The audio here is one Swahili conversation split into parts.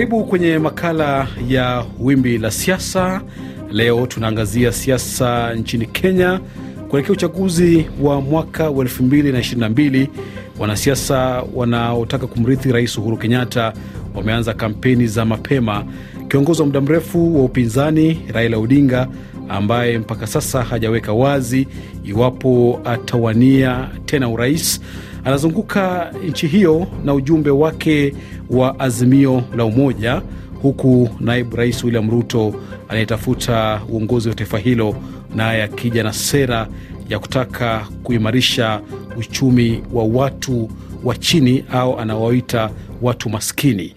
Karibu kwenye makala ya wimbi la siasa. Leo tunaangazia siasa nchini Kenya kuelekea uchaguzi wa mwaka wa 2022. Wanasiasa wanaotaka kumrithi Rais Uhuru Kenyatta wameanza kampeni za mapema. Kiongozi wa muda mrefu wa upinzani Raila Odinga ambaye mpaka sasa hajaweka wazi iwapo atawania tena urais Anazunguka nchi hiyo na ujumbe wake wa Azimio la Umoja, huku naibu rais William Ruto anayetafuta uongozi wa taifa hilo naye akija na sera ya kutaka kuimarisha uchumi wa watu wa chini au anawaita watu maskini.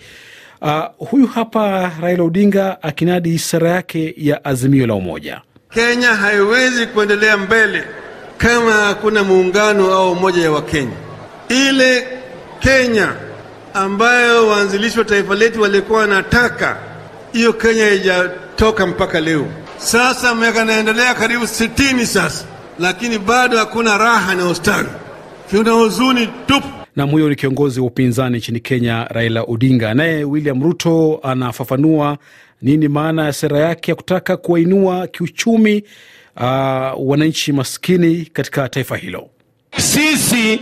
Uh, huyu hapa Raila Odinga akinadi sera yake ya Azimio la Umoja. Kenya haiwezi kuendelea mbele kama hakuna muungano au umoja wa Kenya ile Kenya ambayo waanzilishi wa taifa letu walikuwa wanataka, hiyo Kenya haijatoka mpaka leo. Sasa miaka inaendelea karibu sitini sasa, lakini bado hakuna raha na ustawi, kuna huzuni tupu. Nam huyo ni kiongozi wa upinzani nchini Kenya, Raila Odinga. Naye William Ruto anafafanua nini maana ya sera yake ya kutaka kuwainua kiuchumi uh, wananchi maskini katika taifa hilo. Sisi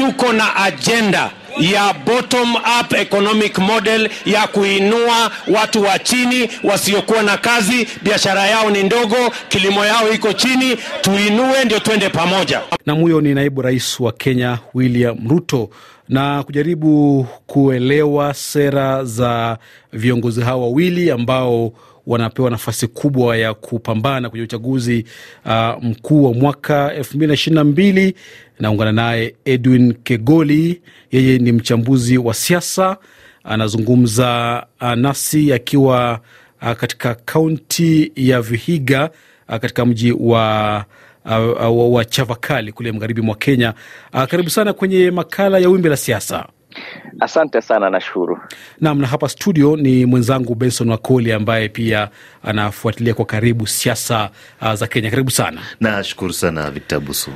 tuko na ajenda ya bottom up economic model ya kuinua watu wa chini wasiokuwa na kazi, biashara yao ni ndogo, kilimo yao iko chini, tuinue ndio twende pamoja. Na huyo ni naibu rais wa Kenya William Ruto. Na kujaribu kuelewa sera za viongozi hawa wawili ambao wanapewa nafasi kubwa ya kupambana kwenye uchaguzi uh, mkuu wa mwaka elfu mbili na ishirini na mbili. Naungana naye Edwin Kegoli, yeye ni mchambuzi wa siasa, anazungumza uh, nasi akiwa uh, katika kaunti ya Vihiga uh, katika mji wa uh, wa Chavakali kule magharibi mwa Kenya. Uh, karibu sana kwenye makala ya Wimbi la Siasa. Asante sana, nashukuru. nam na hapa studio ni mwenzangu Benson Wakoli ambaye pia anafuatilia kwa karibu siasa uh, za Kenya. Karibu sana. Nashukuru sana Victor busu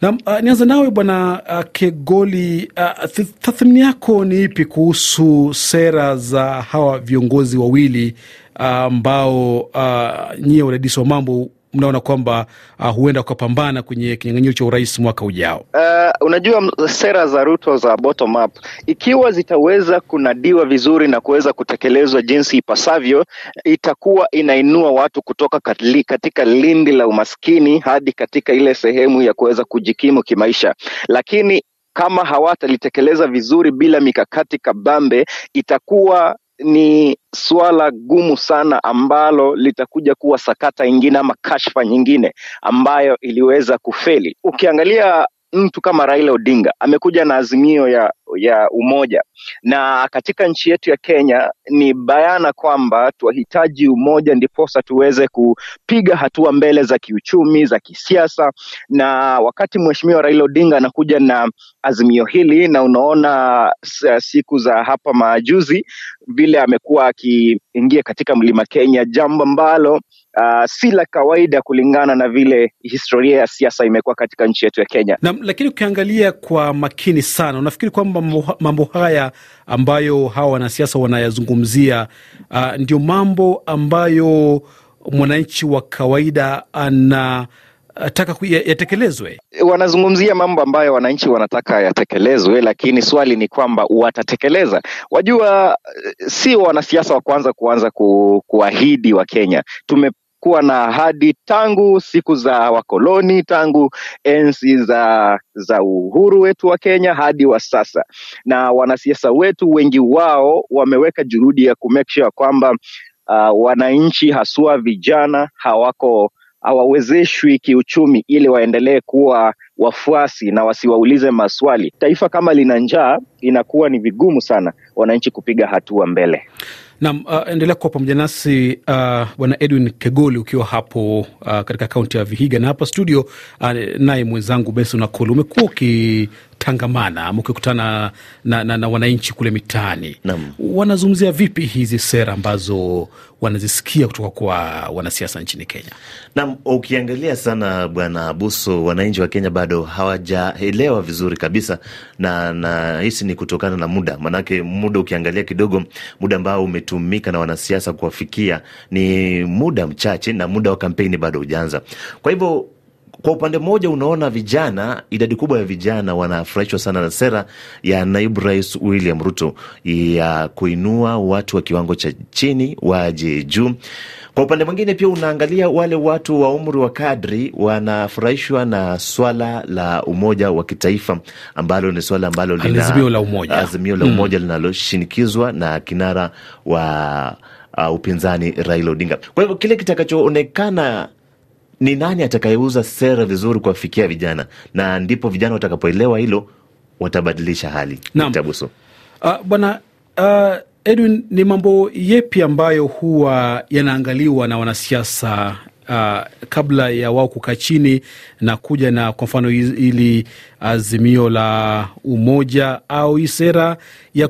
Nam uh, nianza nawe bwana uh, Kegoli, uh, tathmini yako ni ipi kuhusu sera za hawa viongozi wawili uh, ambao uh, uh, nyie wadadisi wa mambo mnaona kwamba uh, huenda ukapambana kwenye kinyang'anyiro cha urais mwaka ujao? Uh, unajua sera za Ruto za bottom up ikiwa zitaweza kunadiwa vizuri na kuweza kutekelezwa jinsi ipasavyo, itakuwa inainua watu kutoka katli, katika lindi la umaskini hadi katika ile sehemu ya kuweza kujikimu kimaisha, lakini kama hawatalitekeleza vizuri bila mikakati kabambe, itakuwa ni suala gumu sana ambalo litakuja kuwa sakata nyingine ama kashfa nyingine ambayo iliweza kufeli. Ukiangalia mtu kama Raila Odinga amekuja na azimio ya, ya umoja, na katika nchi yetu ya Kenya ni bayana kwamba twahitaji umoja, ndiposa tuweze kupiga hatua mbele za kiuchumi, za kisiasa. Na wakati mheshimiwa Raila Odinga anakuja na azimio hili, na unaona siku za hapa majuzi vile amekuwa akiingia katika mlima Kenya, jambo ambalo uh, si la kawaida kulingana na vile historia ya siasa imekuwa katika nchi yetu ya Kenya. Na, lakini ukiangalia kwa makini sana, unafikiri kwamba mambo haya ambayo hawa wanasiasa wanayazungumzia uh, ndio mambo ambayo mwananchi wa kawaida ana taka yatekelezwe. Wanazungumzia mambo ambayo wananchi wanataka yatekelezwe, lakini swali ni kwamba watatekeleza. Wajua, si wanasiasa wa kwanza kuanza ku, kuahidi Wakenya tume kuwa na ahadi tangu siku za wakoloni, tangu enzi za, za uhuru wetu wa Kenya hadi wa sasa, na wanasiasa wetu wengi wao wameweka juhudi ya kumake sure kwamba uh, wananchi haswa vijana hawako hawawezeshwi kiuchumi ili waendelee kuwa wafuasi na wasiwaulize maswali. Taifa kama lina njaa, inakuwa ni vigumu sana wananchi kupiga hatua mbele. Nam uh, endelea kuwa pamoja nasi uh, bwana Edwin Kegoli ukiwa hapo uh, katika kaunti ya Vihiga, na hapa studio uh, naye mwenzangu Benson Akoli, umekuwa uki tangamana mkikutana na, na, na wananchi kule mitaani, wanazungumzia vipi hizi sera ambazo wanazisikia kutoka kwa wanasiasa nchini Kenya? nam ukiangalia sana Bwana Abuso, wananchi wa Kenya bado hawajaelewa vizuri kabisa, na na hisi ni kutokana na muda, maanake muda ukiangalia kidogo, muda ambao umetumika na wanasiasa kuwafikia ni muda mchache, na muda wa kampeni bado hujaanza, kwa hivyo kwa upande mmoja unaona vijana, idadi kubwa ya vijana wanafurahishwa sana na sera ya naibu rais William Ruto ya kuinua watu wa kiwango cha chini waje juu. Kwa upande mwingine pia unaangalia wale watu wa umri wa kadri wanafurahishwa na swala la umoja wa kitaifa, ambalo ni swala ambalo lina azimio la umoja, azimio la hmm. umoja mm, linaloshinikizwa na kinara wa uh, upinzani Raila Odinga. Kwa hivyo kile kitakachoonekana ni nani atakayeuza sera vizuri kuwafikia vijana, na ndipo vijana watakapoelewa hilo watabadilisha hali. Tabuso uh, ah, bwana uh, Edwin, ni mambo yepi ambayo huwa yanaangaliwa na wanasiasa uh, kabla ya wao kukaa chini na kuja na kwa mfano ili azimio la umoja au hii sera ya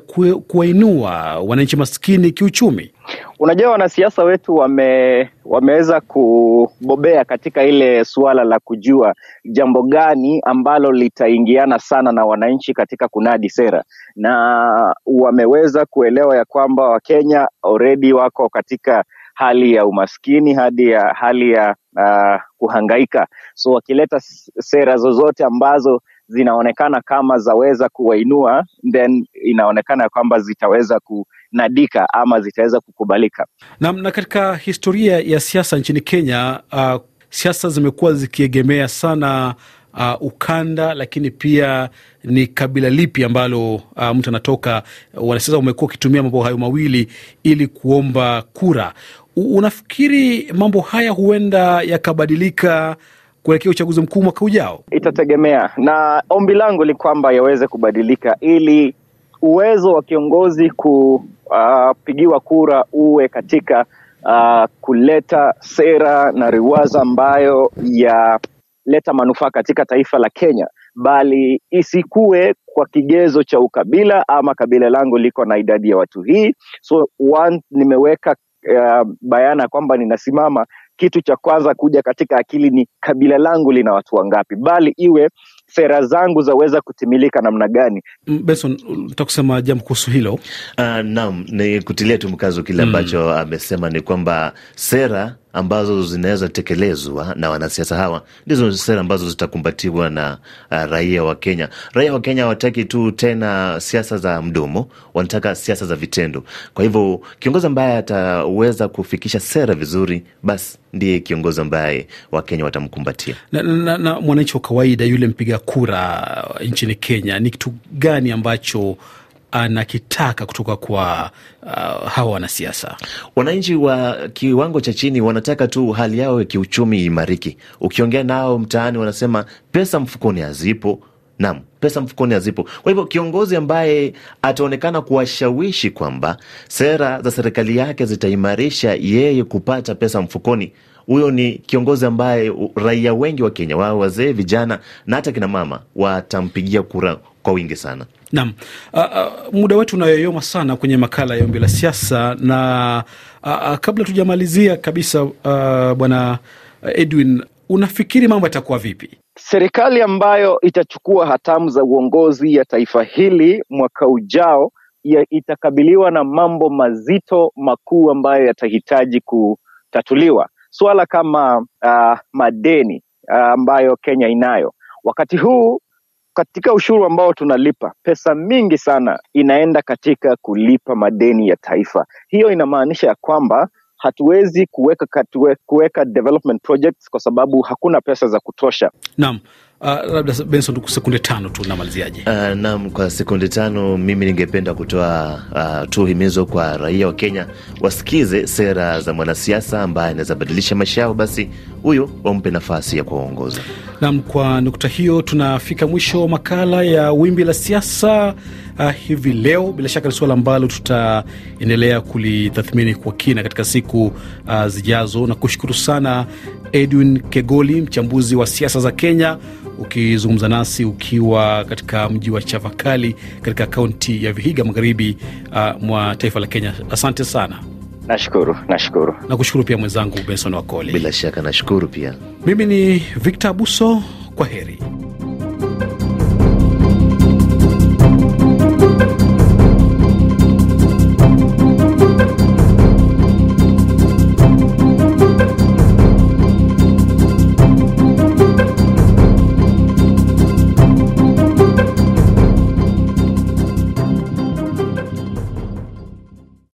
kuwainua wananchi maskini kiuchumi? Unajua, wanasiasa wetu wame, wameweza kubobea katika ile suala la kujua jambo gani ambalo litaingiana sana na wananchi katika kunadi sera, na wameweza kuelewa ya kwamba Wakenya already wako katika hali ya umaskini hadi ya hali ya uh, kuhangaika. So wakileta sera zozote ambazo zinaonekana kama zaweza kuwainua, then inaonekana kwamba zitaweza kunadika ama zitaweza kukubalika. Na, na katika historia ya siasa nchini Kenya uh, siasa zimekuwa zikiegemea sana uh, ukanda, lakini pia ni kabila lipi ambalo uh, mtu anatoka. Uh, wanasiasa wamekuwa wakitumia mambo hayo mawili ili kuomba kura. Unafikiri mambo haya huenda yakabadilika kuelekea uchaguzi mkuu mwaka ujao? Itategemea, na ombi langu ni kwamba yaweze kubadilika ili uwezo wa kiongozi kupigiwa uh, kura uwe katika uh, kuleta sera na riwaza ambayo ya kuleta manufaa katika taifa la Kenya, bali isikuwe kwa kigezo cha ukabila ama kabila langu liko na idadi ya watu hii. So one, nimeweka uh, bayana kwamba ninasimama, kitu cha kwanza kuja katika akili ni kabila langu lina watu wangapi, bali iwe sera zangu zaweza kutimilika namna gani? Mm, Benson, jambo kuhusu hilo? Uh, naam, ni kutilia tu mkazo kile mm. ambacho mm, amesema ni kwamba sera ambazo zinaweza tekelezwa na wanasiasa hawa ndizo sera ambazo zitakumbatiwa na uh, raia wa Kenya. Raia wa Kenya hawataki tu tena siasa za mdomo, wanataka siasa za vitendo. Kwa hivyo kiongozi ambaye ataweza kufikisha sera vizuri, basi ndiye kiongozi ambaye Wakenya watamkumbatia. Na, na, na mwananchi wa kawaida, yule mpiga kura uh, nchini Kenya, ni kitu gani ambacho anakitaka kutoka kwa uh, hawa wanasiasa. Wananchi wa kiwango cha chini wanataka tu hali yao ya kiuchumi imariki. Ukiongea nao mtaani, wanasema pesa mfukoni hazipo. Naam, pesa mfukoni hazipo. Kwa hivyo kiongozi ambaye ataonekana kuwashawishi kwamba sera za serikali yake zitaimarisha yeye kupata pesa mfukoni, huyo ni kiongozi ambaye raia wengi wa Kenya, wao wazee, vijana na hata kina mama watampigia kura kwa wingi sana. Naam, uh, uh, muda wetu unayoyoma sana kwenye makala ya ombi la Siasa, na uh, uh, kabla tujamalizia kabisa, uh, bwana Edwin, unafikiri mambo yatakuwa vipi? Serikali ambayo itachukua hatamu za uongozi ya taifa hili mwaka ujao ya itakabiliwa na mambo mazito makuu ambayo yatahitaji kutatuliwa, suala kama uh, madeni uh, ambayo Kenya inayo wakati huu katika ushuru ambao tunalipa, pesa mingi sana inaenda katika kulipa madeni ya taifa. Hiyo inamaanisha ya kwamba hatuwezi kuweka kuweka development projects kwa sababu hakuna pesa za kutosha. Naam. Uh, labda Benson, sekunde tano tu namaliziaje? Uh, naam, kwa sekunde tano mimi ningependa kutoa uh, ah, tu himizo kwa raia wa Kenya wasikize sera za mwanasiasa ambaye anaweza badilisha maisha yao, basi huyo wampe nafasi ya kuwaongoza. Naam, kwa nukta hiyo tunafika mwisho wa makala ya Wimbi la Siasa uh, hivi leo. Bila shaka ni suala ambalo tutaendelea kulitathmini kwa kina katika siku uh, zijazo, na kushukuru sana Edwin Kegoli, mchambuzi wa siasa za Kenya, ukizungumza nasi ukiwa katika mji wa Chavakali katika kaunti ya Vihiga, magharibi uh, mwa taifa la Kenya. Asante sana. Nashukuru, nashukuru. kushukuru pia mwenzangu Benson Wakoli. Bila shaka nashukuru pia. Mimi ni Victor Abuso, kwa heri.